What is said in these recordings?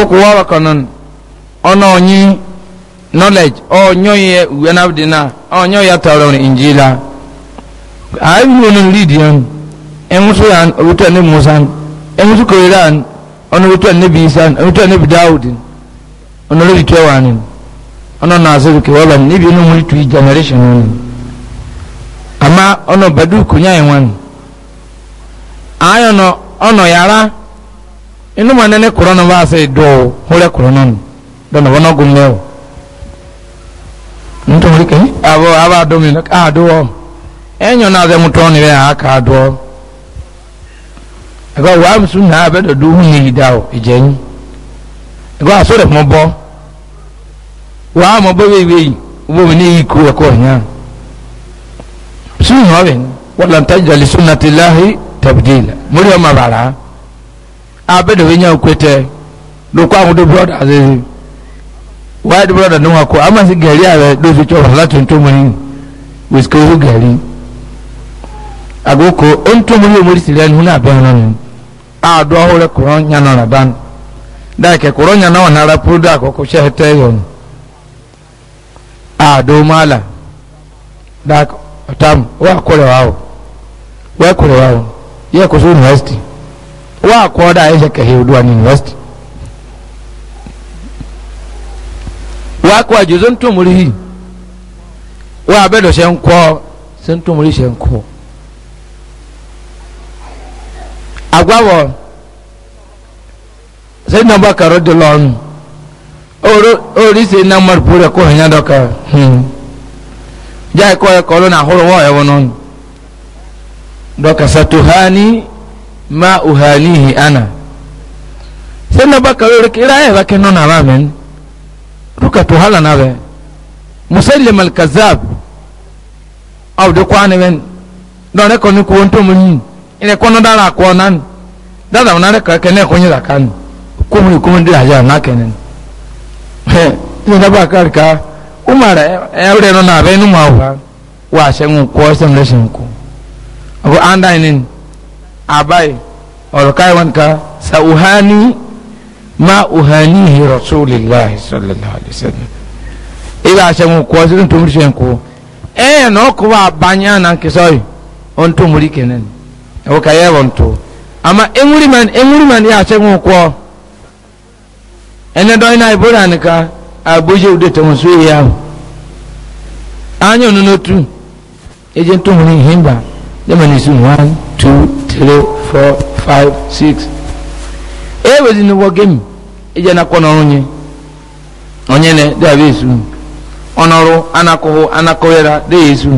doko wara kanon ono onyi knowledge onyo ye wenabdina onyo ya taron injila ayi nunun lidiyan emusu yan obutu ne musan emusu koyiran ono obutu ne bisan obutu ne bidaudin ono lori twewanin ono na asiru ke wala ni bi no muri generation on ama ono badu kunya yan ayo no ono yara inu ma nene korona ba se do hore korona no do na wono gumle o nto hore ke abo aba do mi na ka do o enyo na ze muto ni be aka do o ego wa msu na be do du hu ni da o ejen ego aso de mo bo wa mo bo we we wo mi ni ku e ko nya sunu ho tabdila muri ma bara abẹ́dẹ̀ wẹ́nyà òkútẹ́ lókọ́ àwọn tó brọ́dà àzẹ́zẹ́ wáyé tó brọ́dà níwọ̀n kọ́ àmà sí gẹ̀rí ààrẹ lóṣù tí ọ̀rọ̀ láti tó mọ́ yìí wìsíkì owó gẹ̀rí àgókò ó ń tó mọ́ yìí omori sílẹ̀ nínú àbẹ́rẹ́ náà ni àádọ́ ọ̀húnrẹ́ kọ̀rọ̀ yànnà rà bá ní dáìkẹ́ kọ̀rọ̀ yànnà wọn nára púrúdà àkọ́kọ́ ṣẹ́ tẹ́ yọ̀n àádọ́ mọ́àlà dáàkọ̀ ọ̀tá wọ́n àkọ́rẹ̀ wá wa akwada aisha ka hewduwa ni university wa kwa juzun tumuri hi wa abedo shen ko sen tumuri shen ko agwawo sai na baka rodo lon oro ori se na mar pure ko hanya doka hmm ja ko ko na horo wa e wonon doka satuhani ma uhalihi ana sai na baka wuri kira ya baki nuna ba e min ruka to hala na ba musallim al-kazzab aw de kwani men do ne koni ko wonto mun hin ine kono dara ko nan da da kene ko nyira kan ko mun ko mun dira ya na kenen he ni da baka ka umar e wure na be nu ma wa wa sen ko sen lesin anda inin abai olkaiwan ka sa uhani ma uhanihi rasulillahi sallallahu alaihi wasallam ila shan ko zin to ko eh no ko ba banya nan ke soy on tumuri muri o ka won to ama enwuri man e man ya shan ko ene do ina ibura e ni ka abuje ude to musu ya anyo e himba sun 1 2 zero four five six ewezi n'ụgbọ gem ije nakọ n'ọrụ nye onye na dabe esu ọnọrụ anakọhụ anakọghera de esu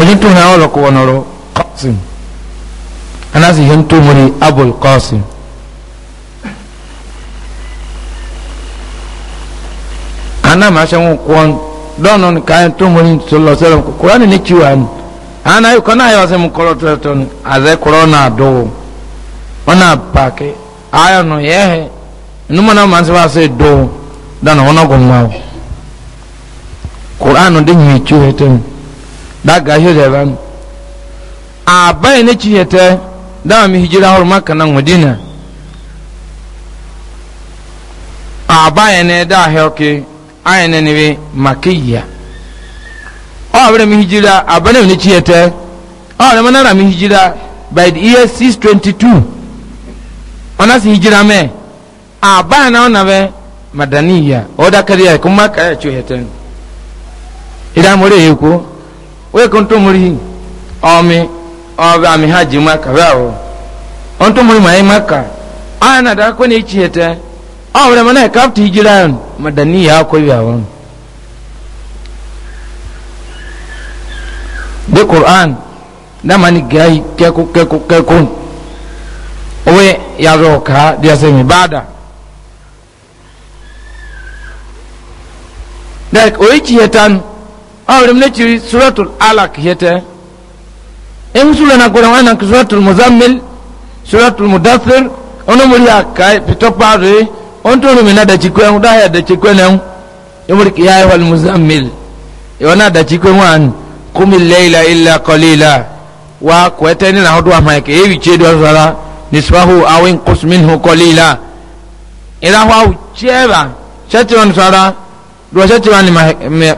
onye tụ na ọrụ kọwa nọrọ kọsin anasị ihe ntụ mmiri abụl kọsin anam ashanwu kwọ dọnụ ka anyị tụ mmiri ntụ lọsịrị kụrụ anyị na-echiwa anyị ana yuko nayo asem kolototon aze na do ona pake ayo no yehe numa na manse ba se do dana ona gomma Qur'an de nyi chuheten daga hede ban abai ne chuhete da mi hijira hor makka na madina abai ne da heoke ayi ne ne makiya ọ̀rẹ́ mi hijira abẹ́rẹ́ mi ní tiẹ̀ tẹ́ ọ̀rẹ́ mi náírà mi hijira by the year six twenty two ọ̀nà sì hijira mẹ́ àbáyé ah, náà ọ̀nà bẹ́ madaniya ọ̀dà kẹ́rì yà kó má kàyà tó yẹ tẹ́nu ìdá mo rè é kó wọ́n kò tó mo rí ọ̀mi ọ̀bẹ àmì hajj má kàwé àwọ̀ ọ̀n tó mo rí màáyé má kà ọ̀nà dàkọ́ ní tiẹ̀ tẹ́ ọ̀rẹ́ mi náà kàpìtì hijira madaniya kọ́ yà wọ́n. de qur'an mani gai keku keku keku owe yazo ka dia semi bada dak oichi hetan awrim ne chiri suratul alaq hete en sura na gora wana suratul muzammil suratul mudaththir ono muri akai pitopare onto no mena da chikwe nguda ya da chikwe ne yomuri ya wal muzammil yona da chikwe wani kumi leila illa qalila wa kweteni na hodu ama ke ewi chedu sala nisfahu awin qus minhu qalila ila wa ucheba chatron sala do chatron ni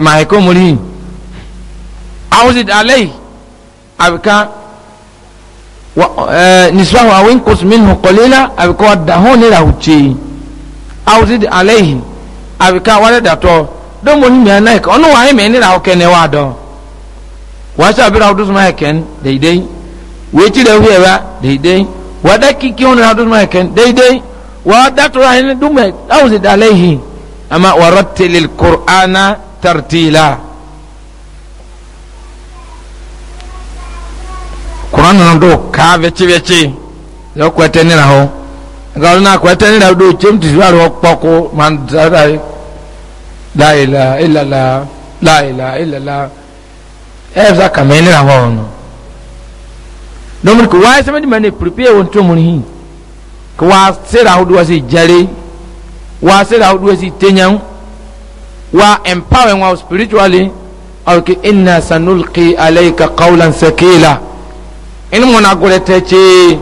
maheko muri awzid alai abka wa e, nisfahu awin qus minhu qalila abka dahoni la uchi awzid alai abka wala dato do mo ni me na ke onu wa me ni la okene wa do wasa abira hadu suma heken daidai weti da huyewa daidai wada kiki wani hadu suma heken daidai wada tura hin dume dauzi da alaihi amma warattilil qur'ana tartila qur'an nan do ka veci veci yo kwete ni raho galu na kwete ni raho do chemti zwaro poko man dai la ilaha illallah la ilaha illallah ɛfɛ kama ɛne na hɔn no domini ko waa sɛmɛ dima ne prepare wɔn tó muni hin ko waa sere ahodoɔ si jare waa sere ahodoɔ si tenyan waa empower wa spiritually ɔrɔke ina sanulki alayka kawlan sakila ɛni mo na gore tɛkye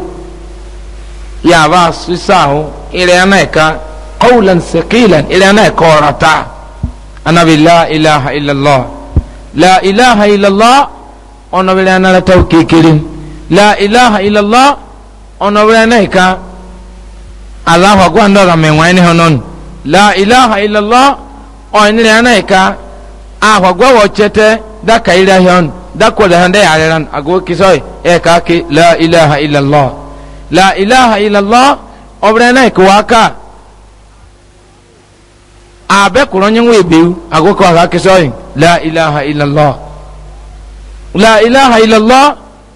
yaaba sisaahu ɛrɛ ana ɛka kawlan sakila ɛrɛ ana ɛka ɔrata anabi la ilaha illallah la ilaha illallah ono wele anara taw kekere la ilaha illallah ono wele naika allah agwa ndora me wani honon la ilaha illallah ono wele naika ahwa gwa wochete daka ira hon dako da hande yaran ago kisoy e ka ki la ilaha illallah la ilaha illallah obre naika waka abe kuronye nwe biu ago ko ka kisoy la ilaha illallah la ilaha illallah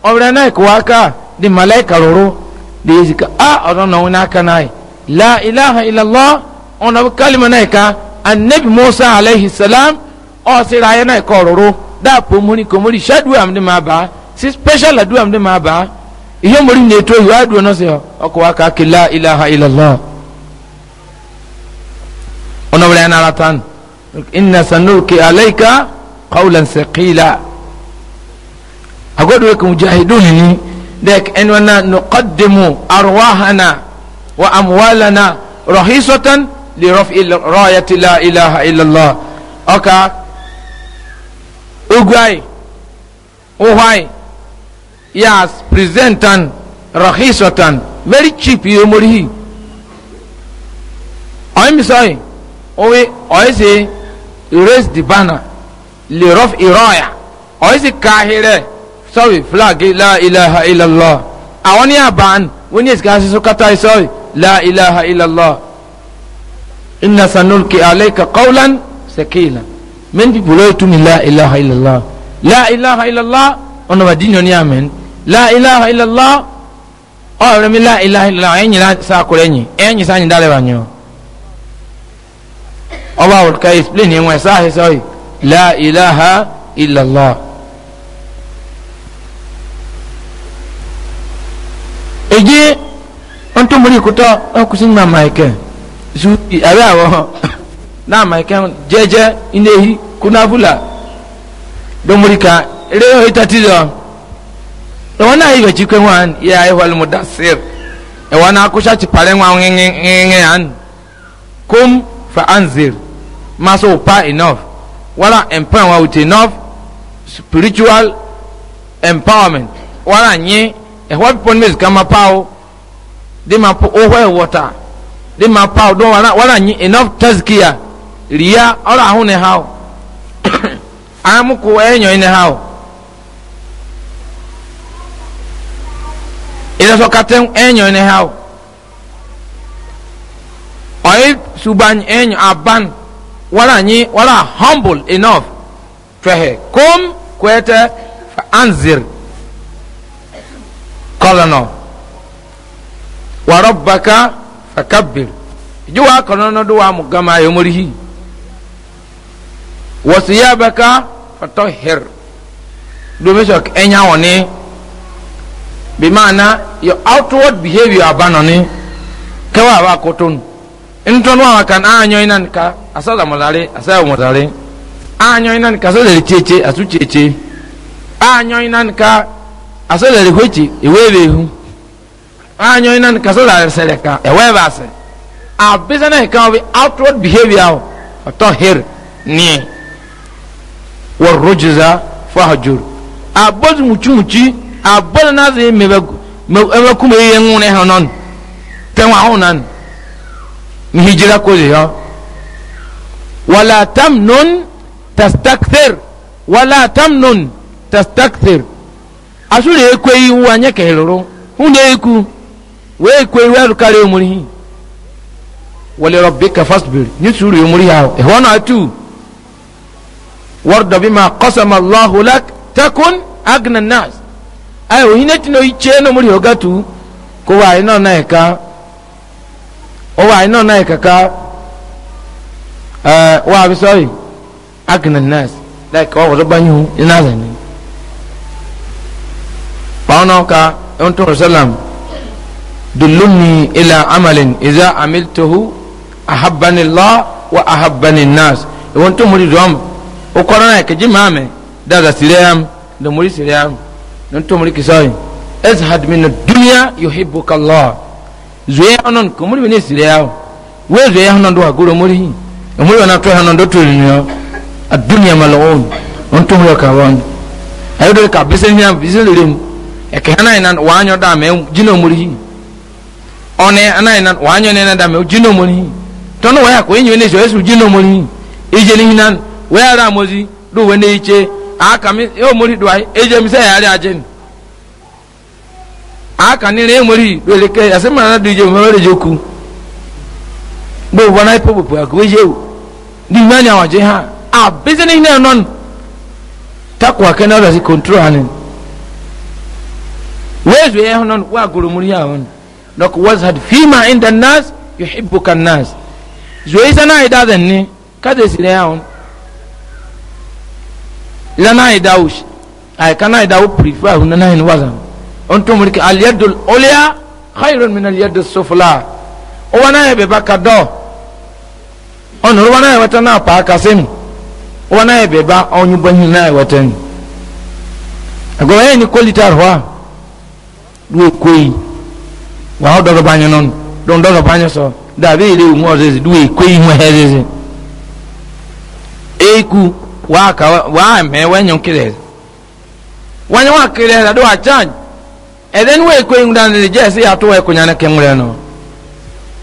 ọbẹrẹ náà kò wá ká di malaika roro di yéé sika a ọdọ náà wọn aka náà la ilaha illallah ọ̀nà kálímà náà ká anabi musa alayhi salam ọ̀sẹ̀rẹ̀ ayé náà kọ̀ roro dáàpọ̀ múni kò múni ṣáàdùn àmì máa bá sí special àdùn àmì máa bá ihe múni ní ètò ìwé àdùn náà sẹ ọkọ̀ wá ká kí la ilaha illallah ọ̀nà ọbẹrẹ náà ara inna sanulki alayka qawlan saqila agodo ko mujahidun dek enwana nuqaddimu arwahana wa amwalana rahisatan li raf'i rayati la ilaha illa allah aka ugwai uhwai yes presentan rahisatan very cheap yomori hi oymisoi owe oyese raise the banner lè rọ́f ìrọ́ọ̀yà ọ̀yẹ́ sì ka ahirẹ̀ flag la ilaha illallah àwọn ní àbáàn wọ́n ní èsì ká sísú kátà sọ́ọ̀rì la ilaha illallah inna sanulki alayka qawlan sakila men bi bulo tumi la ilaha illallah la ilaha illallah ono wa dinyo ni amen la ilaha illallah o re mi la ilaha illallah enyi sa ko enyi enyi sa nyi dale banyo ọba wòlùkà explain yẹn wọn ẹ sáà sọ yìí la ilaha illallah. èjì ntòmórì kútọ ọkùsí nà màìkẹ zu àbẹ àwọ nà màìkẹ jẹjẹ inéhi kúnáfúlà dòmórì ká eré yóò yíta tí zọ ẹwọn náà yíyọ jí pé wọn yẹ ayé wọlé mu dasir ẹwọn náà kúṣà ti parẹ wọn ngẹngẹngẹngẹ hàn kum fa anzir maso pa enough wala empower with enough spiritual empowerment wala nye ɛhɔ What mi sika ma pawo oh, de ma po ohɔ ɛwɔta de ma pawo do wala wala nye enough tazkiya ria ɔra aho ne ha o amu ko eh, ɛnyɔ ne ha o. ɛsɛ sɔ katam ɛnyɔ eh, ne ha o suban ɛnyɔ eh, aban wala nyi wala humble enough twehe kum kwete anzir kolono warabbaka fakabbir juwa kolono duwa mugama yomurihi wasiyabaka fatahhir dumisho enya woni bimana your outward behavior abanoni kawa ba kotonu ntɔnu wa kan anyɔ ina nika asala mɔlare asala mɔlare anyɔ ina nika asala eri tietse asu tietse anyɔ ina nika asala eri hwetse ewe ebe ehu anyɔ ina nika asala ɛsɛlɛ ka ɛwɔ ɛba asɛ abisa na ika obi outward behaviour ɔtɔ hir nie wɔrojiza fahajur abozu mutsumutsi abɔlɔ na se mɛbɛ mɛbɛ kume yeye ŋun ne hɔnɔn tɛŋ wa hɔn nan ni hijira koze yo wala tamnun tastakthir wala tamnun tastakthir asuri ekwe iwu anya ka iruru hunde iku we ekwe iwu alukari omuri hi wale rabbika fasbir ni suru omuri ha ehwana atu warda bima qasama allah lak takun agna nas ayo hinati no icheno muri ogatu ko wa ina na eka ọwọ àyìn náà náà kàkà ẹ eh, wọ àbí sọrí agina nurse like ọwọ tó bá yín hun ní nurse ni báwọn náà ka ẹn tó rọsálàm dùlùmí ilà amalin ìzá amiltohu ahabanilá wa ahabani nurse ìwọ́n tó múri dùn ó kọ́ náà kejì màmí dada siriyam lomori siriyam lọ́n tó múri kìsọ́yìn ezhad mi na zoe honon komuri bene sire yao we zoe honon do aguro muri hi omuri wana to honon do tuli nyo adunya malawon on to ho kawon ayo do ka besen hiya bisen lim e ke hana ina wanyo da me jino muri hi one ana ina wanyo ne na da me jino muri hi tono wa ya ko enyo ne zoe su jino muri hi ije ni hinan we ara mozi do we ne iche aka mi e omuri do ai eje mi se ya ari ajeni aka nira emori wele ke yase na du je mwe jo ku bo wana ipo bo ka we je wo di nyanya wa ha a business ne non takwa ke na rasi control hanin wezu ye honon wa guru muri ya won dok was had fima inda nas yuhibbuka nas zoe sana ida dan ne kada sire ya won ila na ida ush ai kana ida u prefer hunana hin wazan onto muri aliyadul oliya khairun min aliyadul sufla o wana ye be baka do onur wana ye wata na pa kasim o wana ye be ba onyu banyi na ye waten ago ye ni kolitar wa du koi wa o do banyo non don do banyo so da be ile mu o zezi du koi mu hezezi eku wa ka wa me wanyon kire wanyon kire da do a change ɛdɛn wo ekɔ eŋu dan de gye ɛsɛ yato wo ɛkonya ne kemmerɛ no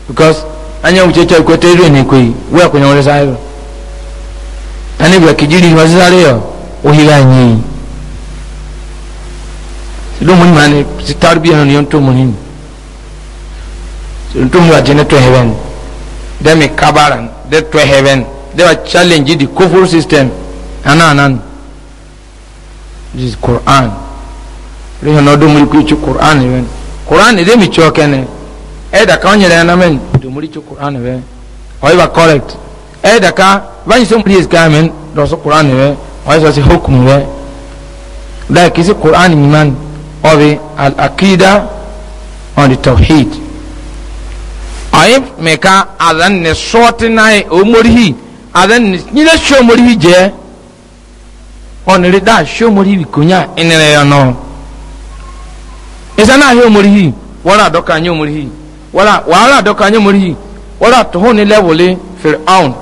because anya wo kyekya ekɔ tɛri ne ekɔ yi wo ɛkonya wo sesa yɛ ɛne bi akegye di wo sesa yɛ wo hira anyi sido mu nyuma ne sitar bi yɛn yɛn to mu ni ntom wa gye ne to heaven de mi kabara de to heaven de wa challenge di kofuru system Anan, anan this is quran rihin na domuri ku ichi qur'an ben qur'an de mi cho kene e da ka onyere na men domuri chu qur'an ben oi ba correct e da ka ban so muri iska men do so qur'an ben oi so si hukum ben da ki si qur'an ni man on the tawhid ayi meka adan ne sorti nai o morihi adan ne nyina sho morihi je on ri da sho morihi kunya inere yo no isa na ahi omurihi wala adoka anyi omurihi wala wala adoka anyi omurihi wala toho ni lewole fir'aun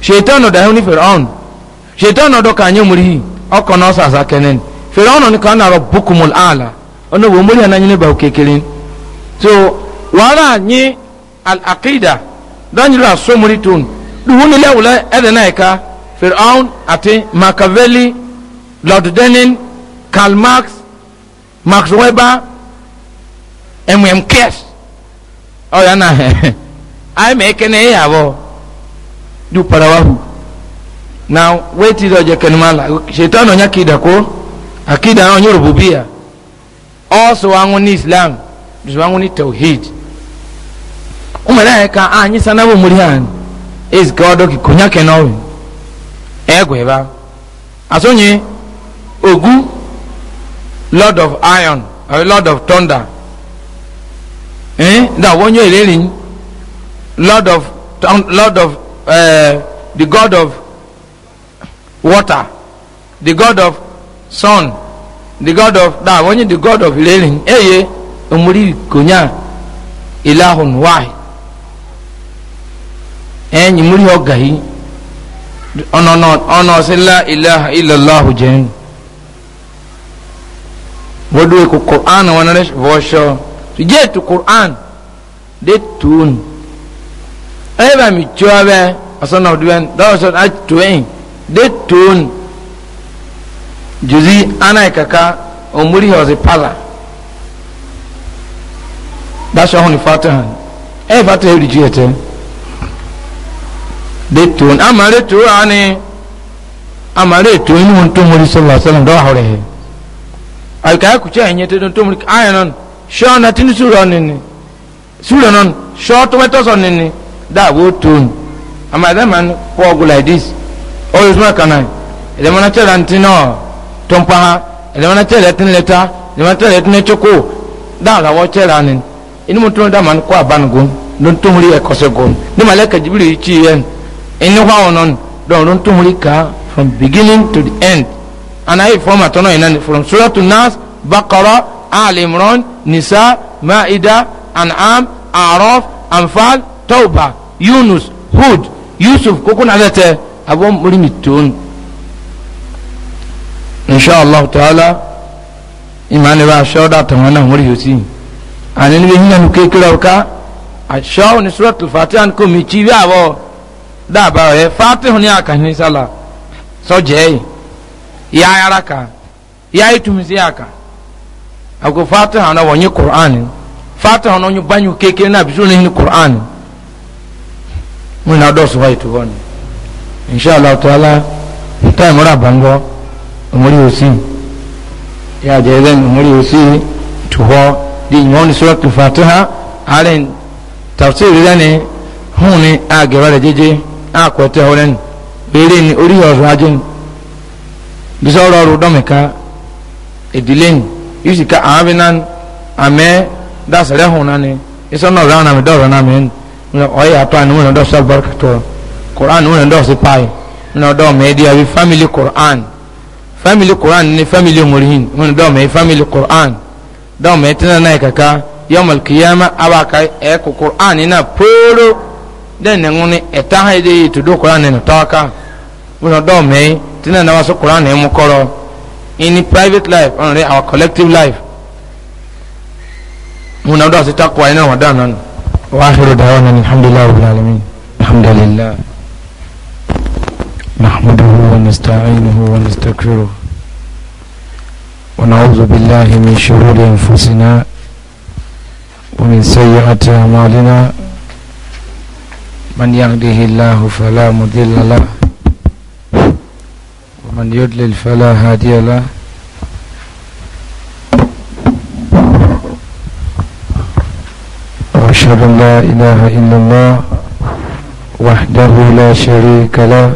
shaitan no dahi ni fir'aun shaitan no doka anyi omurihi ọkọ na ọsọ asa kenen fir'aun ni kan na rabbukumul ala ono wo omurihi ananyi ne ba okekere so wala anyi al aqida danyi la so muri tun duhu ni lewole ede na eka fir'aun ati machiavelli lord denning karl marx Max Weber MM Kess ọ ya na anyị ma eke na ịya abụọ du parawahu na weti dọ jekene mala shetan onye akida ko akida onye rububia ọsọ anwụ ni islam dụsọ anwụ ni tawhid ụmụrụ anyị ka anyị sana bụ mmiri anyị ezike ọdọkị konyake n'ọrụ egwe ebe asonye ogu lord of iron or lord of thunder eh that one year really lord of lord of uh, the god of water the god of sun the god of that one year the god of railing eye eh, eh, omuri konya ilahun wahid ẹ̀yìn múrí ọ̀gá yìí ọ̀nà ọ̀sìn lá ìlàhà ìlàláhù jẹun wadwe ku Qur'an wanaresh vosho je tu Qur'an de tun eba mi chobe asana udwen dawson a tuen de tun juzi ana kaka omuri hoze pala dasha honi fatahan e fatahe rijete de tun amare tu ani amare tu inu huntu muri sallallahu alaihi wasallam dawahore alkaya ku cha enye te don tomri aya non sho na sura nini sura non sho to meto nini da wo tun ama da man po go like this o is ma kana ele mana cha ran tin no tompa ha ele mana cha tin leta ele mana cha tin la wo cha ran nini inu mutun da man ko aban go don tomri e kose go ni malaika jibril chi yen inu ha onon don don tomri ka from beginning to the end ana yi fɔma tɔnɔ yi nani from suratu nas bakara ali imran nisa ma'ida an'am araf anfal tauba yunus hud yusuf koko na lɛ tɛ a bɔ mori mi toon inshallah taala imaani b'a sɔɔ da tɔmɔ na mori yosi ani ni bɛ hinɛ nu kekere ka a sɔɔ ni suratu fatiha ni komi ci bi a bɔ daa ba yɛ fatiha ni a kan ni sala sɔ jɛ ye ya yi raka ya yi tumisi yaka ago fatiha na wonyi qur'an fatiha na wonyi banyu keke na bisu ne ni qur'an mun na dosu wa itu won insha Allah taala time ra bango umuri usi ya je den umuri usi tuho di nyoni suratul fatiha aren tafsir dane huni agere jeje akote holen bere ni ori ọ̀rọ̀ ajé ni bisa ọrọ ọrọ dọmi ka edile ni yusi ka àwọn bi nan amẹ dasẹrẹ hun nani isọ náà ọrọ anamí dọrọ nami ẹni ọyẹ atọ àni wọn dọ sọ barika tọ koran wọn dọ sí paayi wọn dọ mẹ di abi family koran family koran ni family murihin wọn dọ mẹ family koran dọ mẹ tẹnana náà kaka yọmọl kìyàmá abaka ẹ kọ koran iná póró dẹ́n ní ẹ̀ ń ní ẹ̀ tá ha ẹ̀ dẹ́ yìí tó dó koran nínú tọ́ka wọn dọ mẹ tina na wasu quran mu koro in private life on our collective life mun da su takwa ina wadannan wa akhiru da'wana alhamdulillahi rabbil alamin alhamdulillah نحمده ونستعينه ونستغفره ونعوذ بالله من شرور انفسنا ومن سيئات اعمالنا من يهده الله فلا مضل له من يدلل فلا هادي له وأشهد أن لا إله إلا الله وحده لا شريك له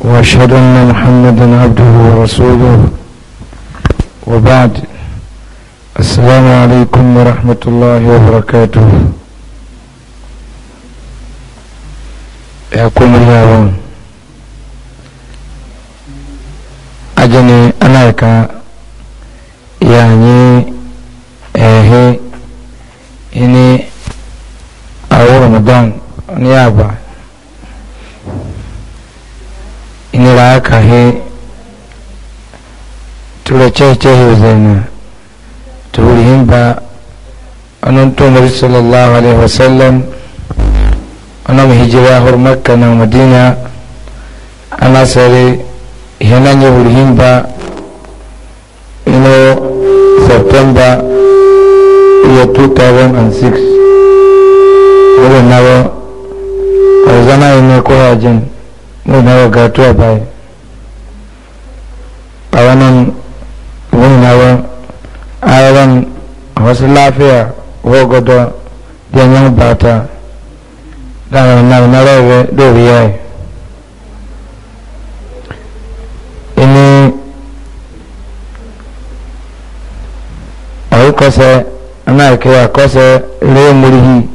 وأشهد أن محمدا عبده ورسوله وبعد السلام عليكم ورحمة الله وبركاته يقول الله ajani anayka yani ehe ini awo ramadan ni aba ini ra ka he tura cheche he zena turi himba anan to nabi sallallahu alaihi wasallam anan hijra hur na madina ana sare hiyananye bulihinda ino september year 2006 wale nabo arizana ine koyajen wale nabo gatuwa baye kawanan wale nabo ayaran wasu lafiya wogodo da yan bata da na na rawe doriya akɔsɛ ana ke akɔsɛ lee murihi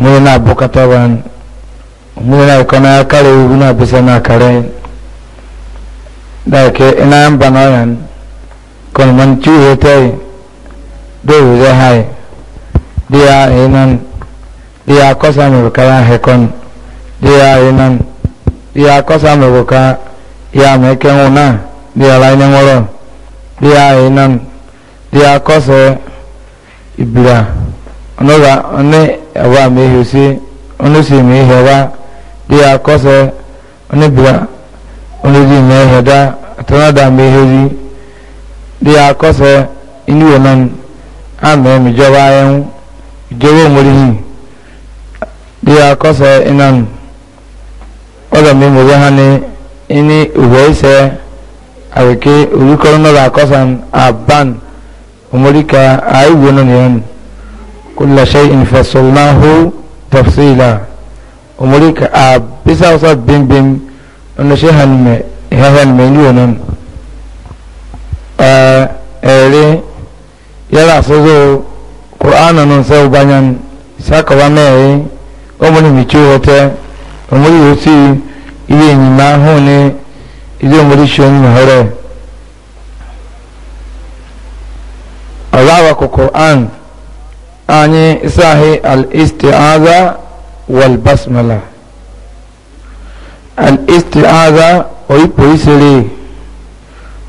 muri na bukata ban muri na kana akare ugu na bisa na kare da ke ina yan banayan kon man ciwo tai do wuze hai dia inan dia kosa mu kala hekon dia inan dia kosa mu ka ya meken una dia lain ngoro dia inan di akɔsɛ ibira ɔno ra ɔne ɛwa mehe si ɔno si mehe wa di akɔsɛ ɔne bira ɔno di mehe da tɔnɔ da mehe zi di akɔsɛ inu yɛ nan ama mi jɔba ayɛn jɔba omori di akɔsɛ inan ɔlɔ mi mo bɛ ha ni ini uwe sɛ awike orukɔ nɔ akɔsɛ aban umurika ayiwono niyan kula shay'in fasalnahu tafsila umurika a bisa wasa bimbim ono shi hanme hehan me ni wonon ere yala sozo qur'ana non sai banyan saka wa me omuni mi chuhote omuri usi iye ni ma hone ile omuri shoni hore dawa ko Qur'an anyi sahi al-isti'aza wal basmala al-isti'aza oyi poisere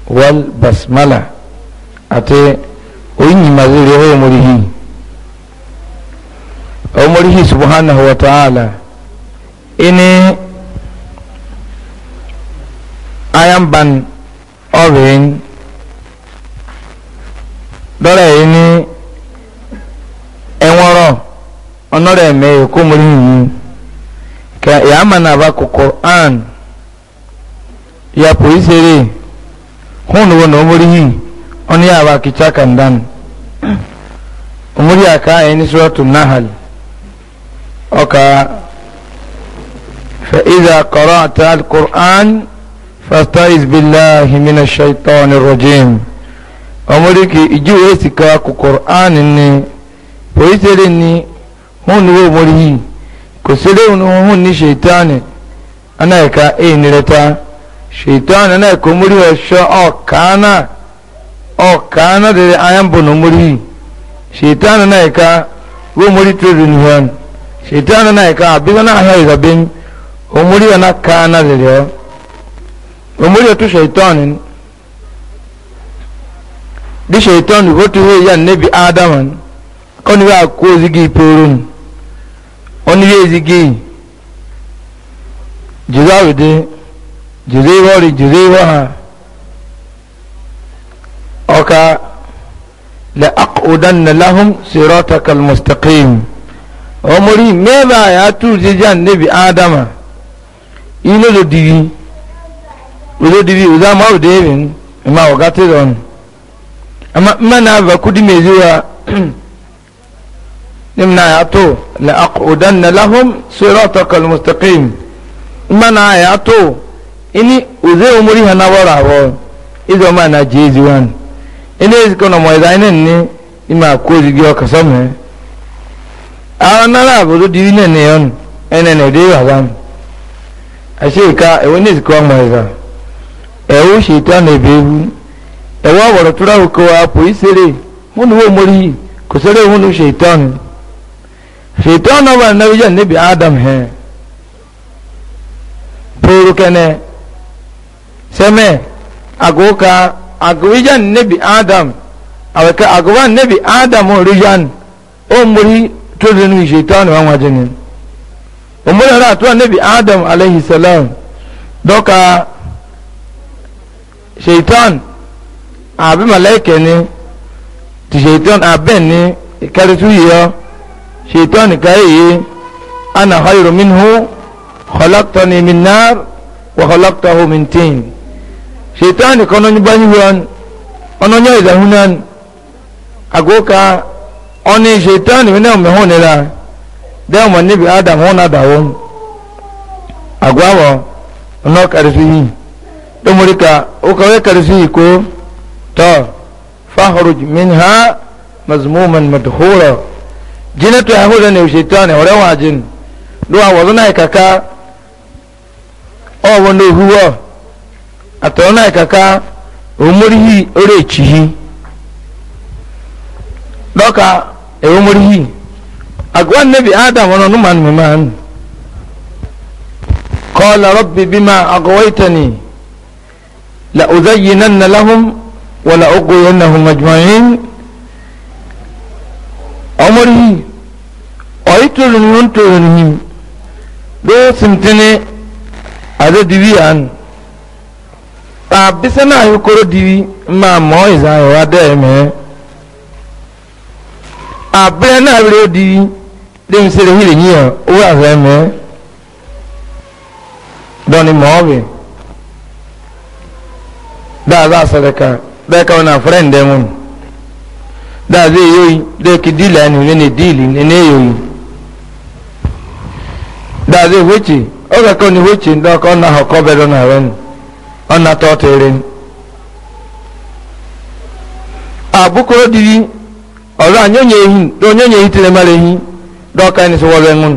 wal basmala ate oyi nyimazire oyo murihi oyo murihi subhanahu wa ta'ala ini ayamban orin ya yìí ní ẹ̀wọ̀rọ̀ ọ̀nọ́rọ̀ ẹ̀mẹ́ èkó mọ́rí yìí kẹ ìyá mànàbà kòkó àn yàpò ìṣeré hún wọn ní ọmọrí yìí ọ̀ní àbá kìchá kàndán ọmọrí àká ẹni sọ́ọ̀tù ka ọkà فإذا قرأت القرآن فاستعذ بالله من الشيطان الرجيم ọmọdéke ìjíwèé sìkà kòkòrò áàni ni pòlíṣẹ́lẹ̀ ni hún ni wọ́n mọ̀rí yìí kò sílẹ̀ hún ní ṣètáàni anáyẹ̀ká èyí nírẹ́ta ṣètáàni anáyẹ̀kọ́ mọ̀rí ẹ̀ṣọ́ ọ̀kánà ọ̀kánà rẹ̀ ayánbọ̀nà mọ̀rí yìí ṣètáàni anáyẹ̀ká wọ́n mọ̀rí tẹ̀lé nìyẹn ṣètáàni anáyẹ̀ká àbíwọ́n náà hẹ́ ìrọ̀bí ọmọdé yẹn náà kánà di shaitan wotu he ya nabi adaman koni wa ko zigi porun oni ye zigi jizawe de jizewa ri jizewa ha oka la aqudanna lahum sirataka almustaqim omori meba ya tu jijan nabi adama ilo lo divi ilo divi uzama o devin ma o amma mana ba kudi mai zuwa nimna ya to la aqudan lahum siratal mustaqim mana ya to ini uze umuri hana warawo izo mana jezi wan ene isko no moida ene ni ima ko jigi o kasame ana la bodo di ne ne on ene ne de wa wan ashe ka e woni isko moida e o shetan e bebu ẹ̀wọ́ ọ̀wọ̀rọ̀ tó ráwọ̀ kọ́ apò ìṣeré wọn ni wọ́n mórí kò sẹ́rẹ̀ wọn ni ṣètọ́n ṣètọ́n náà wà nínú ẹ̀jẹ̀ níbi adam hẹ́n pòrò kẹ́nẹ́ sẹ́mẹ̀ àgọ́ka àgọ́wíjà níbi adam àwẹ̀kẹ́ àgọ́wà níbi adam ríjan ó mórí tó lé nu ṣètọ́n wọn wájú ni òmùrẹ̀ rà tó níbi adam aleyhi salam dọ́ka ṣètọ́n àbí màláìkẹ́ ni ti ṣètọ́n abẹ́ ni kẹrìtú yíyọ ṣètọ́n nìkan ana khayru minhu khalaqtani ni nar wa khalaqtahu min tin ṣètọ́n nìkan ọ̀nà yín bá yín wọn ọ̀nà yín ìdàhún náà àgókà ọ̀nà ṣètọ́n nìkan náà mẹ́hún nira dẹ́wọ̀n mọ̀ níbi adam hún àdàwọ̀ àgọ́ àwọ̀ ọ̀nà kẹrìtú yìí lómọdé ká ó kàwé kẹrìtú yìí kó to fakhruj minha mazmuman madhura jina to yahuda ne shaitan ne wa jin duwa wazuna kaka o wono huwa atona kaka umurihi orechihi doka e umurihi agwan nabi adam wono numan miman قال رب بما أغويتني لأزينن لهم ولأغوينهم أجمعين أمره أيترني أنترني دو سمتني هذا دبي أن أبسنا يكور دبي ما مويزا يوادهم أبرنا لو دبي dem sere hili nyia owó àfẹ́mẹ́ dọ́ni mọ́ọ́bì dáadáa sọ̀rọ̀ kan bẹ́ẹ̀ka ọ̀nà fúrẹ́ǹdẹ́ wọn dàbí èyí dẹ́kì díìlì ẹni rẹ̀ ní díìlì ní èyí dàbí wíìtì ọ̀kẹ́kọ̀ọ́ ni wíìtì ndọ́kọ̀ ọ̀nà ọ̀kọ́ bẹ́ẹ̀ lọ́nà rẹ̀ ni ọ̀nà tọ́tù rẹ̀ ni. àbúkúrò dìbí ọ̀rọ̀ ànyọ́nyẹ́ ehi tó nyọ́nyẹ́ ehi tẹ̀lé mẹ́rẹ̀ ehi dọ́ka ẹni sọ wọ́ọ́rẹ́ ń wọn.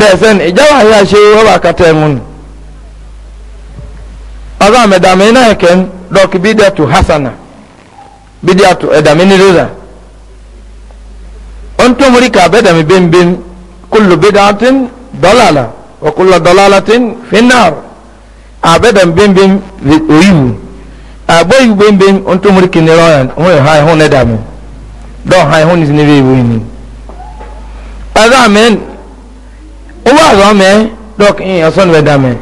dẹ́sẹ̀ ni ìjáwá yà ṣe ọ̀rọ̀ àkàtà ẹ̀ wọn. ọzọ amẹdàmẹ náà kẹm dọkì bídíàtù hasana bídíàtù ẹdàmẹ nílùúdà ọ̀ntọ́mọ̀rí kà abẹ́dàmẹ bẹ́ẹ̀nbẹ́ẹ̀n kúlù bídàtìn dọ́làlà ọ̀kúlù dọ́làlàtìn fínàr abẹ́dàmẹ bẹ́ẹ̀nbẹ́ẹ̀n òyìnbó àgbọ̀yìn bẹ́ẹ̀nbẹ́ẹ̀n ọ̀ntọ́mọ̀rí kì nírọ̀ ọ̀hún ẹ̀hán ẹ̀hún ẹ̀dàmẹ dọ̀ ọ̀hán ẹ̀hún ní ìwé ni ọzọ amẹ owó àzọ mẹ dọkì ẹ̀yìn ọ̀sán ẹ̀dàmẹ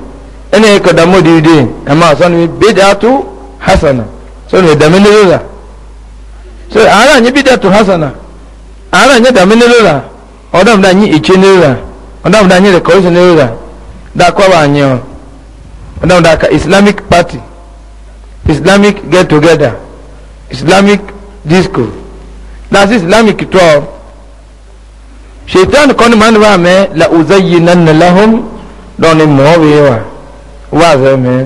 ene ye kɔdamo di de ama sɔni bidatu hasana sɔni daminɛlo la so ara nye bidatu hasana ara nye daminɛlo la ɔdɔm da nye itse nelo la ɔdɔm da nye rekɔlisi nelo la da kɔ nye o ɔdɔm da ka islamic party islamic get together islamic disco that's islamic twelve shaitan kɔni ma ni ba mɛ la uzayi na nalahum dɔɔni mɔɔ bɛ ye wa wáàzẹ mi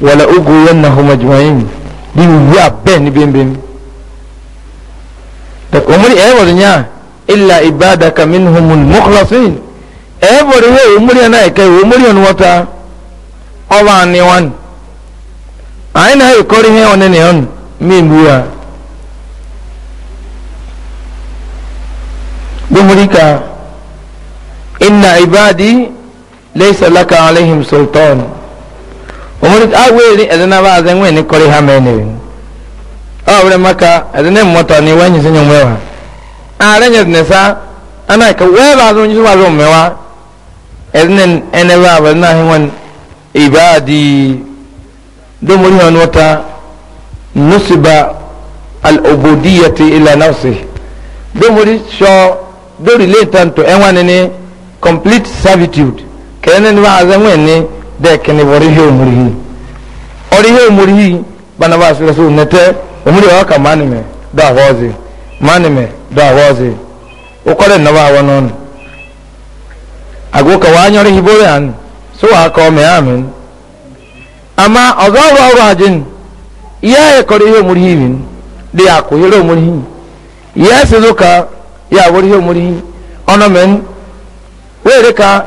wọlé ogo yẹn na homa jumayin bí wíwí abẹ́ẹ̀ ní bímbím omuli ɛɛbɔre nya illa ibadaka minhum mukhlasin ɛɛbɔre we omuli ana ɛkɛ omuli ɔnu wɔta ɔba ani wan ayi na ayi kɔri hɛ ɔne ne ɔnu mi bua gbemuli ka inna ibadi laysa laka alaihim sultan umuri aweri edena ba azen ni kore ha mene awre maka edene mota ni wanyi sinyo mwewa arenye nesa ana ka weba zo nyi wa zo mwewa edene ene ba ba na hiwan ibadi do muri hon wata nusiba al ubudiyyati ila nafsihi do muri sho do relate to enwanene complete servitude kene ni baza mwene dekene warihe omurihi orihe omurihi bana basura so nete omuri wa kamani me da hoze mani me da hoze okore na bawa non agoka wanyore hiboyan so aka me amen ama ogawa urajin iya ihe omurihi bin de akohero omurihi yesu zuka ya warihe omurihi ono men were ka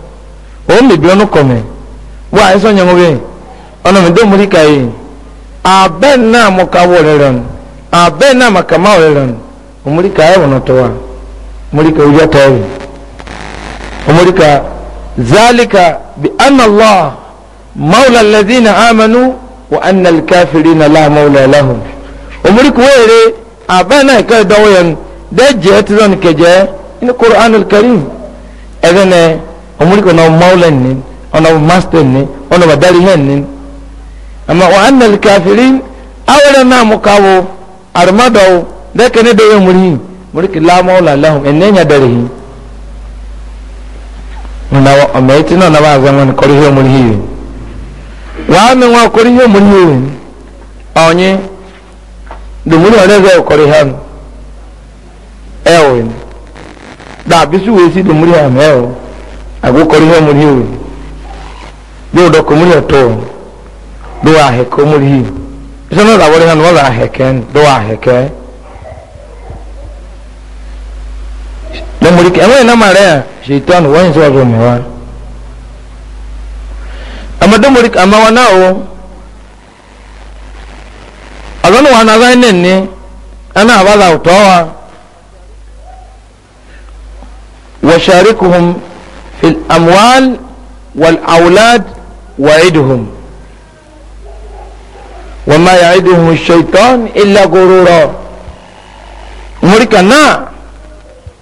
òun lè bí ọ́nù kọ̀mẹ̀ wọ́n àìsàn yẹn wọ́n ọ̀nà mẹ́tọ́ mú ríkà yìí abẹ́ náà mo ka wọ̀ rẹ̀ rẹ̀ nù abẹ́ náà mà kà má rẹ̀ rẹ̀ nù òmùríkà ẹ̀ wọ̀nà tọ́wà òmùríkà ojú ọ̀tọ̀ rẹ̀ òmùríkà zálìkà bí anàlá mawla lẹ́dínà àmànú wà anàlìkà fìrìnà láàmúlẹ̀ lẹ́hùn òmùríkà wẹ̀rẹ̀ abẹ́ náà ìkọ́ ìdánwò yẹn dẹ́jẹ́ tí lọ́nù kẹjẹ́ inú kóró anàlìkà rí ẹ̀rẹ́ náà omuri ko na maulen ni ona master ni ona badari hen ni amma wa anna al kafirin awala na mukawo armadaw da kene da yomuri muriki la maula lahum enenya darihi na wa amaiti na na ba zaman korihe murhi wa min wa korihe murhi onye dumuri ole ze korihe ewin da bisu wesi dumuri agukora ihe muri hiyo do doko muri to do aheko muri hiyo iso no labore hano wala aheken do aheke na muri ke amwe na mare shaitan wani zo zo mewa amma do muri amma wanao azanu wana zaine ne ana abala utowa وشاركهم في الأموال والأولاد وعدهم وما يعدهم الشيطان إلا غرورا مريكا نا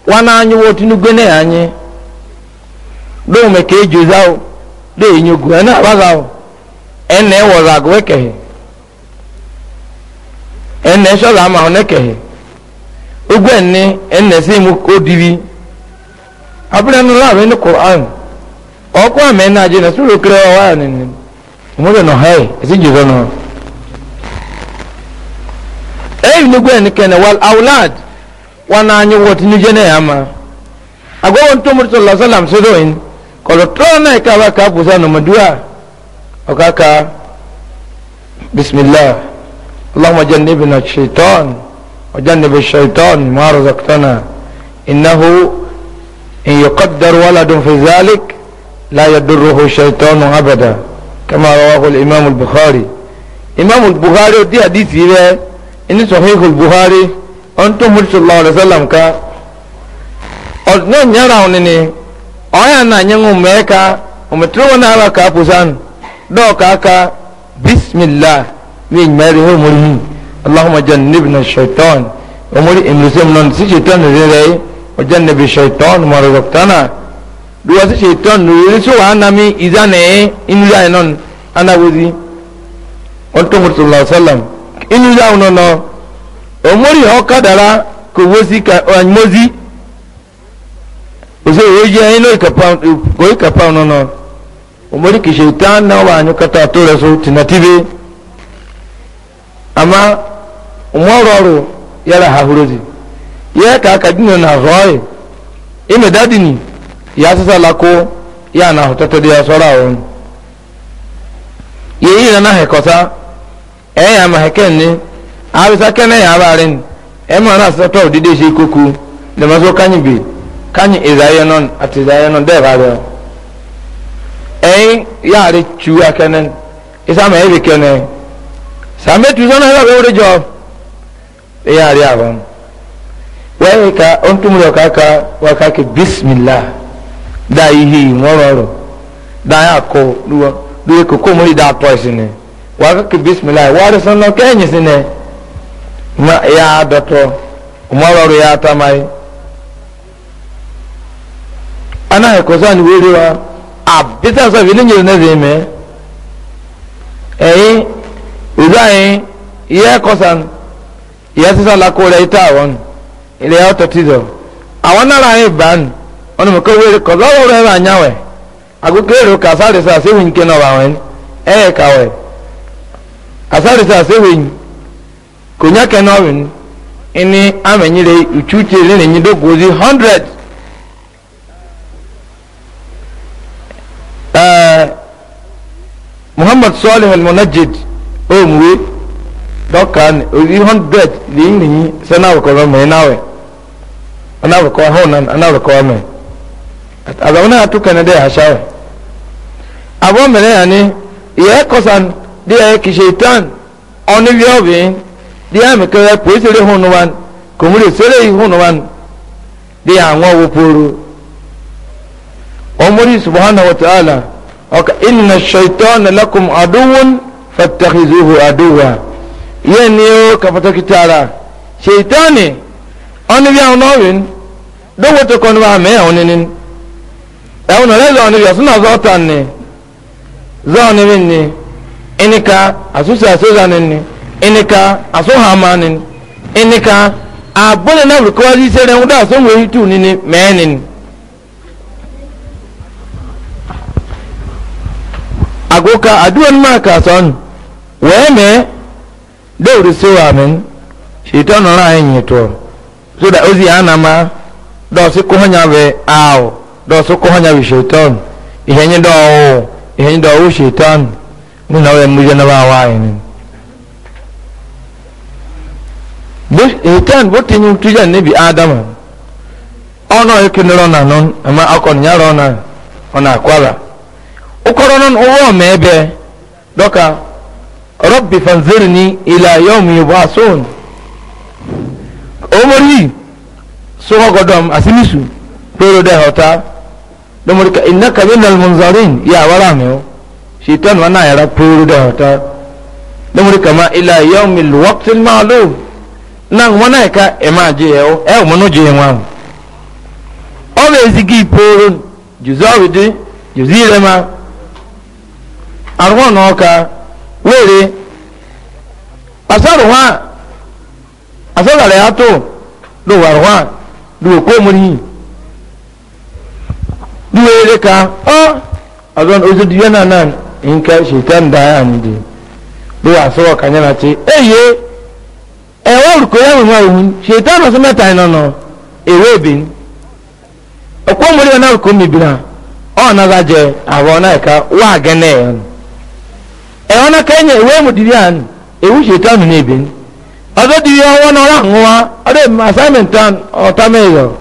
وانا اني ووتنو غني عني، دو مكي جوزاو دو اني غنا بازاو ان نه وزاغ وكه ان نه شو ما هنكه اوغن ان نه سيمو كوديبي abúlé ńlá àmì ní quran ọkọ àmì ẹ̀ náà jẹ́ náà sùúrù kiri ọwọ́ àná ni ìmúlẹ̀ nà ha ẹ̀ ẹ̀sì jùlọ nà. ẹ̀yìn nígbà ẹ̀ ní kẹ́nẹ̀ wà áwùláàd wọn náà nyẹ wọ́ọ̀tì ní jẹ́ náà yà má. agbọ́wọ́ tó mú sọ̀rọ̀ sọ́làm sọ́dọ̀ yìí kọ̀dọ̀ tọ́lá náà ká bá ká bùsà nàmàdúrà ọ̀ká ká bisimilah allahumma jannibna shaitan wa jannibi shaitan ma razaqtana innahu إن يقدر ولد في ذلك لا يضره الشيطان أبدا كما رواه الإمام البخاري إمام البخاري دي حديث إلى إن صحيح البخاري أنتم صلى الله عليه وسلم كا أذن نرى أنني أنا نعيم ميكا ومترونا وكا كابوسان دو كاكا بسم الله من مره مرهين اللهم جنبنا الشيطان ومري إمرسي من سي شيطان ريري wajen bi shaitan marzabtana e duk wasu shaitan nuri su wa nami izane in za non ana wuzi wato mutum sallam in za no no omori ho kadara ko wosi ka anmozi ose oje ino ikapa ko ikapa no no omori ki shaitan na wa anyu kata to reso tinative ama umoro yara hahurozi ihe ka aka dina na roi ime dadi ni ya sasa lako ya na hotata da ya sora on ye yi na hekota e ya ma heken ni a kene ya barin e na sasa to dide shi kuku da mazo kanyi bi kanyi nọ non ati ihe nọ da ba da e ya re chuwa kenen isa ma ebe kenen sambe tu zona ya ba ore jo e ya ri avon wee ka otumuri ọkaka wakaki bismillah daa ihe yi nwọrọrọ daa ya kọ duwa duwe koko muri daa tọ sini wakaki bismillah wari sọnọ kẹnyi sini ma ya dọtọ nwọrọrọ ya tamai wa sọ fi na zai mee ẹyin ụzọ anyị ihe kọsan ihe sisan lakọ rẹ ita ilẹ̀ ọ̀tọ̀ ti dọ̀ àwọn náírà yẹn bá nù ọ̀nà mọ̀kọ́ wẹ́rẹ́ kọ̀ lọ́wọ́ rẹ̀ rà nyà wẹ̀ agogo èrò kà sáré sà sí wìnyín kéna wà wẹ́n ẹ̀ yẹ kà wẹ̀ àsáré sà sí wìnyín ẹni amẹ̀nyẹrẹ ìtútù ẹ̀lẹ́nì ẹ̀yìn dọ́gbọ̀ọ́sì hundred. muhammad salih al-munajid òmùwé dọ́kà ní hundred lẹ́yìn nìyí sẹ́nà àwòkọ́ mẹ́rin náà ana rukawa haunan ana rukawa mai a zaune a tuka na dai a shawo abuwa mene ya ne iya kosan di ya ki shaitan oni biyo bi di ya mika ya po isere hunu wan kumuri sere yi hunu wan di ya anwa wupuru omuri subhanahu wa ta'ala oka inna shaitan lakum aduwun fattakhizuhu aduwa yen ni o ka fataki shaitani ọnụ bịa ọnụ ọrịa dọwọtọ kọnụ bá mẹ ẹwọn nínú ẹwọn nọ lẹsọ ọnụ bịa ọtọ ni zọ ọnụ bẹ ni ẹnika asosọ asosọ ni ni ẹnika asohama ni ẹnika na náà wùlùkọ́ wá sí sẹ́rẹ̀ ń dá àsọ̀wé tù ní ni mẹ́ẹ̀ni so that ozi ya anama dọsị kụhọnya bụ ahụ dọsị kụhọnya bụ shetan ihe nye dọwụ ihe nye dọwụ shetan ndị na ọ bụ emuzi na bụ anyị shetan bụ tinye ntụja n'ebi adama ọnụ ekenere na nọ ama akọ nyara ọna ọna akwara ụkọrọ nọ ụwa ọma ebe dọka rọbbi fanzirni ila yawmi yubasun omori soko godom asimisu loro de hota domori ka innaka minal munzarin ya wala meo shitan wana yara puru de hota domori kama ila yawmil waqtil ma'lum nan wana ka emaje yo e o mono je nwa always gi puru juzawidi juzirema arwa noka were asaru ha asọ́dọ̀ rẹ̀ á tó ló wà rọ̀ wá ló wò kó mu ní ló wò eré ka ọ́ azọ́n oṣù tó yẹn náà náà nka ṣètàn dá yà ni di ló wà sọ́wọ́ kanyẹ́ náà ti ẹ̀yẹ ẹ̀wọ́ olùkọ́ yẹn wọ̀nyí àwọn ṣètàn ọ̀sán mẹ́ta yẹn nọ èrè èbè ni ọ̀kọ́ mu ní náà kó mi bìrà ọ̀ náà bá àwọn náà ẹ̀ka wà gẹ́nẹ́ ẹ̀ ẹ̀wọ́n náà kẹ́yìn ẹ̀wọ́ mu dìbí à ń ewu ọdọ di ọwọ n'ọrọ wa ọdọ assignment tan ọta meyọ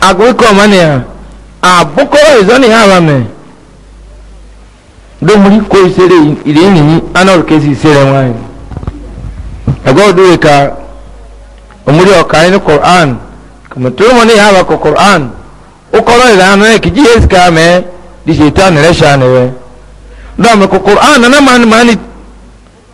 agụkọ mania abụkọrọ ìzọni ha abamẹ domori kó ìṣeré ìdí nìyí anọrọ kesi ìṣeré wáyé ẹgbẹ́ òdúwe ka omori ọ̀ka ẹni koran kòmọ̀tòrò mọ́ ní ìhà àbàkọ̀ koran ó kọ́rọ̀ ìlànà ẹ̀ kìí jíyèsí ká mẹ́ di ṣètò ànìrẹ́ṣà nìyẹn dọ́ọ̀mù kò koran nana máa ní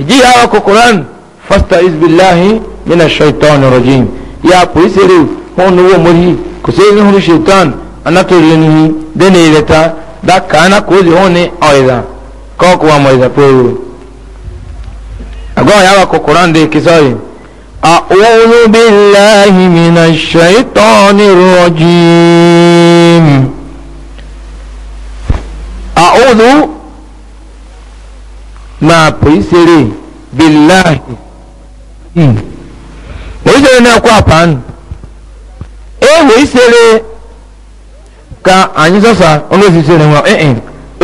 ìjìyà wa kòkòrán fásitì isbillahi mina shaitan rajim ya pèsèrè wọn ni wọn mọ̀rí kò sí ní huru shaitan anatori ni dẹ́nà ìrẹta dáka ana kò sí wọn ni ọ̀ìdà kọ́ọ̀kù wa mọ̀ìdà pẹ̀lú. àgọ́ ya wa kòkòrán de kìsọ́yì. أعوذ بالله من الشيطان الرجيم أعوذ máa pè é ṣeré bíláì hmm. òṣèré náà kó àpáànù èèwò ìṣeré ka ànyí sọ́sà ọ̀nà òsì ṣeré wọn ẹ̀ẹ́n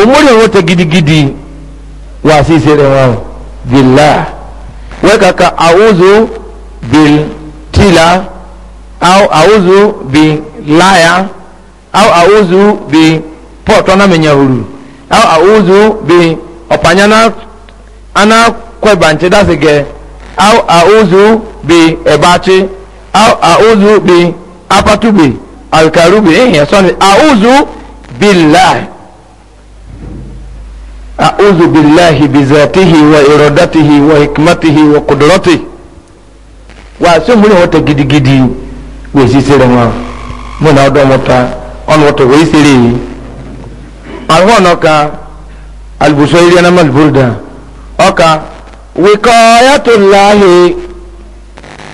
òmùrí òun tẹ gidigidi wà sí ṣeré wọn bíláì wẹ́ẹ̀ka ka àwòzó bíntìlá àwòzó bíláyà àwòzó bí pọ́ọ̀tọ́ náà mẹ́nyà òru àwòzó bí ọ̀pányánà ana kwebanche dasi ge au auzu bi ebachi au auzu bi apatubi alkarubi ihe eh, sọni auzu billahi auzu billahi bizatihi wa iradatihi wa hikmatihi wa kudratihi wa so mu ne wata gidigidi we sisere ma mu na ọdọ mọta ọnụ wata we sere yi ahụ ọnụ ka albusoiri anamal burda ọka wikọyatullahi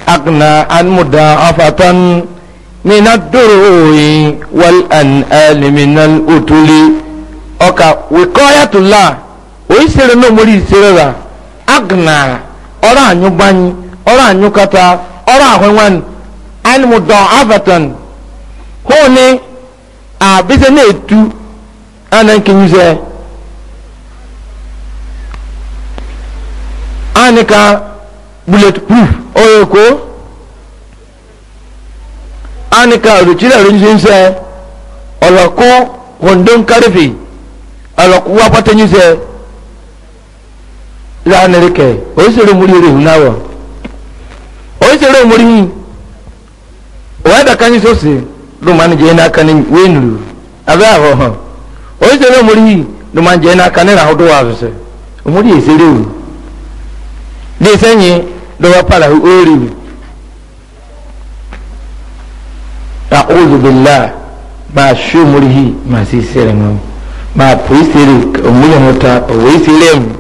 agna almuda afatan min adururi wal an'ali min al utuli ọka wikọyatullah oyi sere na omori isere ra agna ọrọ anyụgbanye ọrọ anyụkata ọrọ ahụnwan almuda afatan hụ ni a bise na-etu ana na nke nyuze ani ka bullet proof oyo ko ani ka olùtìlẹ̀ ló ń ṣe ń sẹ́ ọ̀lọ́kọ́ kòńdó ń kárẹ́fì ọ̀lọ́kọ́ wá pátá ń sẹ́ lánàá kẹ̀ oṣèré múri rè hùn náwọ̀ oṣèré múri kan n'aka ní wéènù lò abẹ́ àhọ̀hàn oṣèré múri hùn n'aka ní ìràwọ̀ de sɛnyi dɔba para ho ori mi a'udhu billahi ma shumurihi ma si sere mu ma poisere omuli mota oweisere mu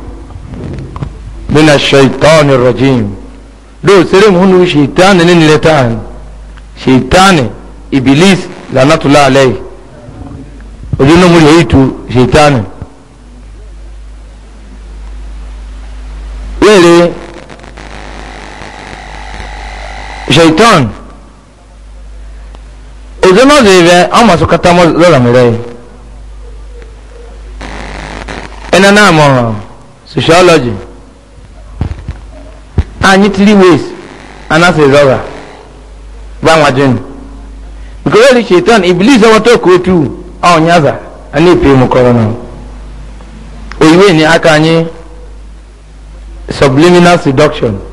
mina shaitani rajim do sere mu hunu shaitani ne nile taan shaitani iblis lanatula alayhi ojú ní omuli heitu shaitani wéèrè shaitan ezo na ọzọ ibe ọ masị kata mọ lọrọ mere ena na amọ sociology anyị tiri ways and as anasị rọra gbanwajin because ọrị shaitan iblis ọwata oku otu ọnyaza and na-epe mụkọrọ na oyiwe ni aka anyi subliminal seduction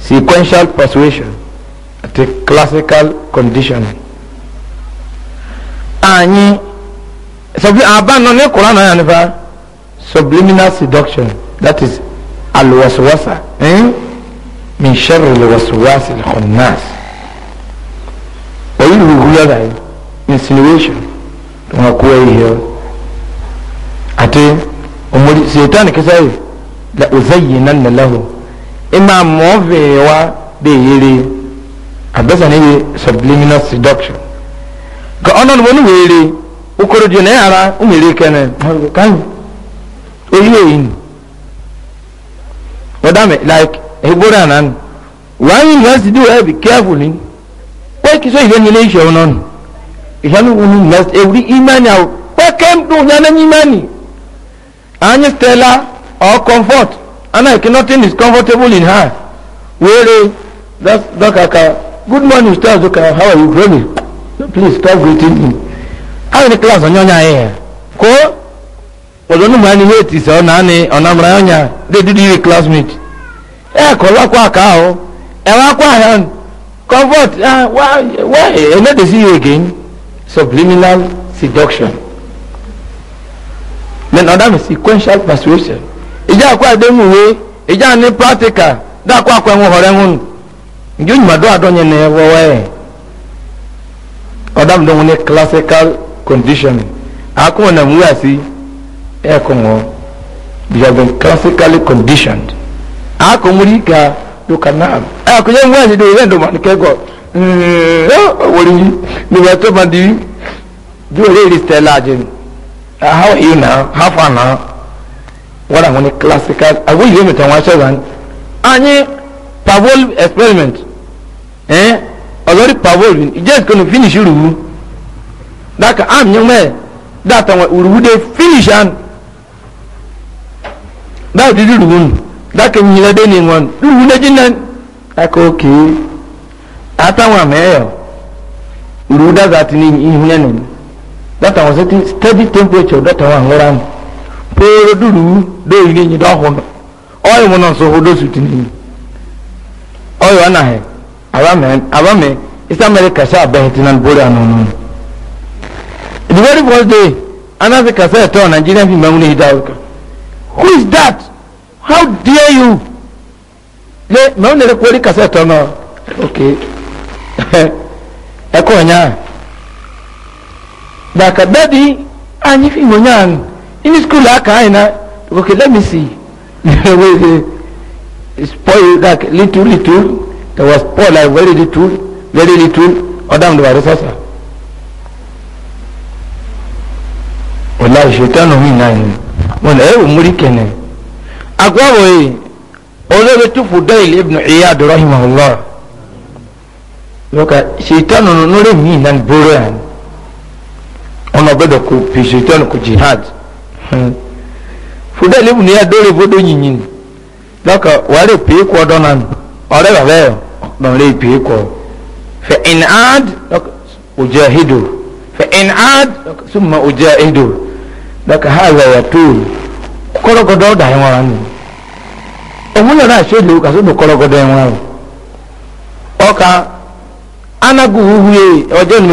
sequential persuasion àti classical conditioning. àyìn sọfí àbánu ní koran náà nípa subliminal seduction that is alwaswasa eh? min sharri alwaswasi alkhannas oyin wuguya da insinuation tó wọn kó ẹyẹ yẹ àti omori sèétánì kẹsàn-án la uzayyinanna lahu ima mɔvewa de yere abɛsa ne ye subliminal seduction ka ɔnɔ no wɔn were okorojo ne ara umere kɛnɛ kan oyi oyi ni wɔdame like egbori anan wɔn university de eh, wɔyɛ be careful ni wɔyɛ kisɛ yɛ nyina ihyɛ wɔn nɔn ihyɛ no wɔn university ewuri eh, imani awo wɔyɛ kɛm do nyana nyimani anyi stella or comfort and like nothing is comfortable in her were dọkaka eh, good morning star dọkaka how are you baby please stop greeting me how many class on ọnyọ ayẹ eh? ko ọdọọdún mu ani hate is ọ naani ọnamra ọnyà they did you classmate ẹ kọ lọkọ àká o ẹ wá kọ àhán comfort ah why why ẹ no dey see you again subliminal seduction then another sequential persuasion. ija akwa ademu we ija ni da akwa akwa enwe hore do adonye na ewo we odam do classical condition akwa na mu asi e ko ngo have been classically conditioned akwa muri ka do kana eh, akwa ye asi do ma mm, eh, ni do wọ́n àwọn ní classical àwọn ìwé mi tàwọn aṣọ ìwà ni. anyi pavol experiment ọlọ́rí eh? pavol just kọ́nù finish rúwú dáka am yẹn mẹ́ẹ̀ dáta wọn rúwú dé finish an dáwọ́ dídí rúwú nù dáka nyina dé ní wọn rúwú dé jìnnà dáka ok àtàwọn àmẹ́yọ̀ rúwú dáza ti ní ìhun ẹ̀ nìyí dáta wọn sẹ́tí steady temperature dáta wọn àwọn ọ̀rá nù. pere duru do iri nyi do hono oyi mo non so ho do suti ni oyi ana he aba me aba me isa mere kasa abe tinan bore anu no the very first day ana se kasa to nigerian film mamu ni hidauka who is that how dare you le mamu ne ko kasa to no okay e ko nya da ka dadi anyi fi mo nyang in school aka anyị na okay let me see wey the spoil like little little there was spoil like very little very little ọdam dị bàrẹ sọsọ ọlá ìṣètàn omi náà ni wọn ẹ wò múrí kẹnẹ agbáwo yìí olórí tufu dẹ́yìlì ibn iyad rahimahullah lọ́ka ṣètàn nínú lórí mi náà bóró ẹ̀ ọ̀nà ọ̀gbẹ́dọ̀ kò fi ṣètàn kò jihad. fudeli mu ya dore fodo nyinyin lọkọ wàhálà pèé kọ dọ́nà ọ̀rẹ́ bàbá ẹ̀ lọ́rẹ́ e pèé kọ fẹ in ad ọjà hido fẹ in ad summa ọjà ha yà wà tó kọ́lọ́gọ́dọ́ ọ̀dà ẹ̀ wọ́n ni òun yàrá àṣẹ ìlú kàṣọ́dọ̀ kọ́lọ́gọ́dọ́ ẹ̀ wọ́n ọkà anagun ọjọ́ ní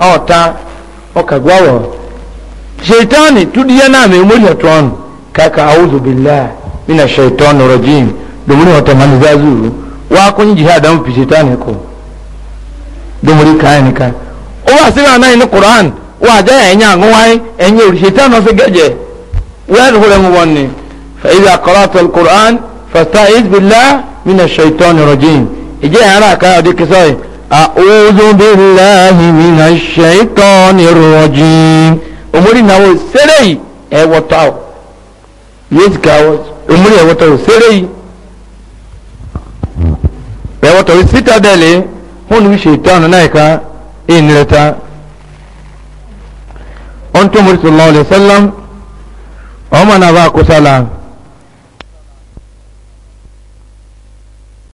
ọta ọkagwawo shaitani tudiya na mai murya tuwan kaka auzu billah mina shaitan rajim domin wata man zazu wa kun jihadan fi shaitani ko domin kayan ka o wa sira na ni qur'an wa ja ya nya ngwai enye uri shaitan no se gaje wa hore mu wonni fa idha qara'ta alquran fasta'iz billah mina shaitan rajim ije ara ka odi kisai أعوذ بالله من الشيطان الرجيم أمري نو سري أي وطاو أمري أي وطاو سري أي وطاو ستا دالي هون الشيطان نايكا إن لتا أنتم رسول الله عليه وسلم ومن أباكو سلام